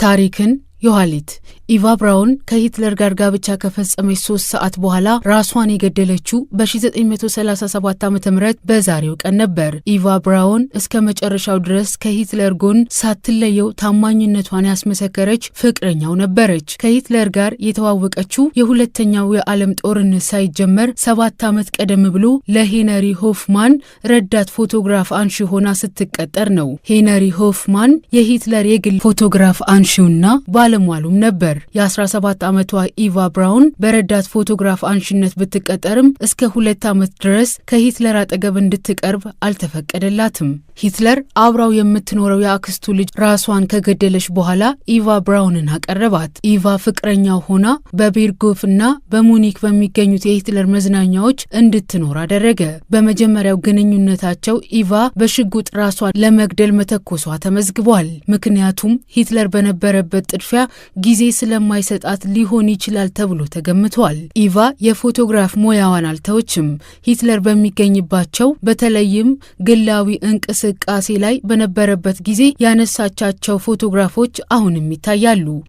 تاريكن የኋሊት ኢቫ ብራውን ከሂትለር ጋር ጋብቻ ከፈጸመች ሶስት ሰዓት በኋላ ራሷን የገደለችው በ1937 ዓ ም በዛሬው ቀን ነበር። ኢቫ ብራውን እስከ መጨረሻው ድረስ ከሂትለር ጎን ሳትለየው ታማኝነቷን ያስመሰከረች ፍቅረኛው ነበረች። ከሂትለር ጋር የተዋወቀችው የሁለተኛው የዓለም ጦርነት ሳይጀመር ሰባት ዓመት ቀደም ብሎ ለሄነሪ ሆፍማን ረዳት ፎቶግራፍ አንሺ ሆና ስትቀጠር ነው። ሄነሪ ሆፍማን የሂትለር የግል ፎቶግራፍ አንሺውና አለሟሉም ነበር። የ17 ዓመቷ ኢቫ ብራውን በረዳት ፎቶግራፍ አንሺነት ብትቀጠርም እስከ ሁለት ዓመት ድረስ ከሂትለር አጠገብ እንድትቀርብ አልተፈቀደላትም። ሂትለር አብራው የምትኖረው የአክስቱ ልጅ ራሷን ከገደለች በኋላ ኢቫ ብራውንን አቀረባት። ኢቫ ፍቅረኛው ሆና በቤርጎፍ እና በሙኒክ በሚገኙት የሂትለር መዝናኛዎች እንድትኖር አደረገ። በመጀመሪያው ግንኙነታቸው ኢቫ በሽጉጥ ራሷን ለመግደል መተኮሷ ተመዝግቧል። ምክንያቱም ሂትለር በነበረበት ጥድፊያ መጀመሪያ ጊዜ ስለማይሰጣት ሊሆን ይችላል ተብሎ ተገምቷል። ኢቫ የፎቶግራፍ ሙያዋን አልተወችም። ሂትለር በሚገኝባቸው በተለይም ግላዊ እንቅስቃሴ ላይ በነበረበት ጊዜ ያነሳቻቸው ፎቶግራፎች አሁንም ይታያሉ።